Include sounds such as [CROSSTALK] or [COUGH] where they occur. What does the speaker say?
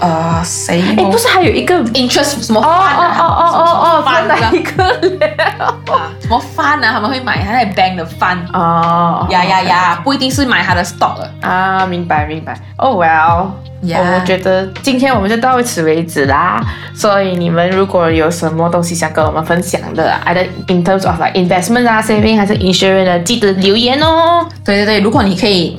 啊死！誒，不是還有一個 interest 什麼 fund 嘅、啊，哦、oh, oh,，oh, oh, oh, oh, oh, oh, 麼什麼 fund 嘅一個咧？啊， [LAUGHS] 什麼 fund 啊？他們會買，他係 bank 的 fund 哦。呀呀呀，不一定是買他的 stock 啊、uh,。明白明白。哦、oh,，well，、yeah. oh, 我覺得今天我們就到此為止啦。所以你們如果有什麼東西想跟我們分享的，either in terms of、like、investment saving 還是 insurance，記得留言哦。對對對，如果你可以。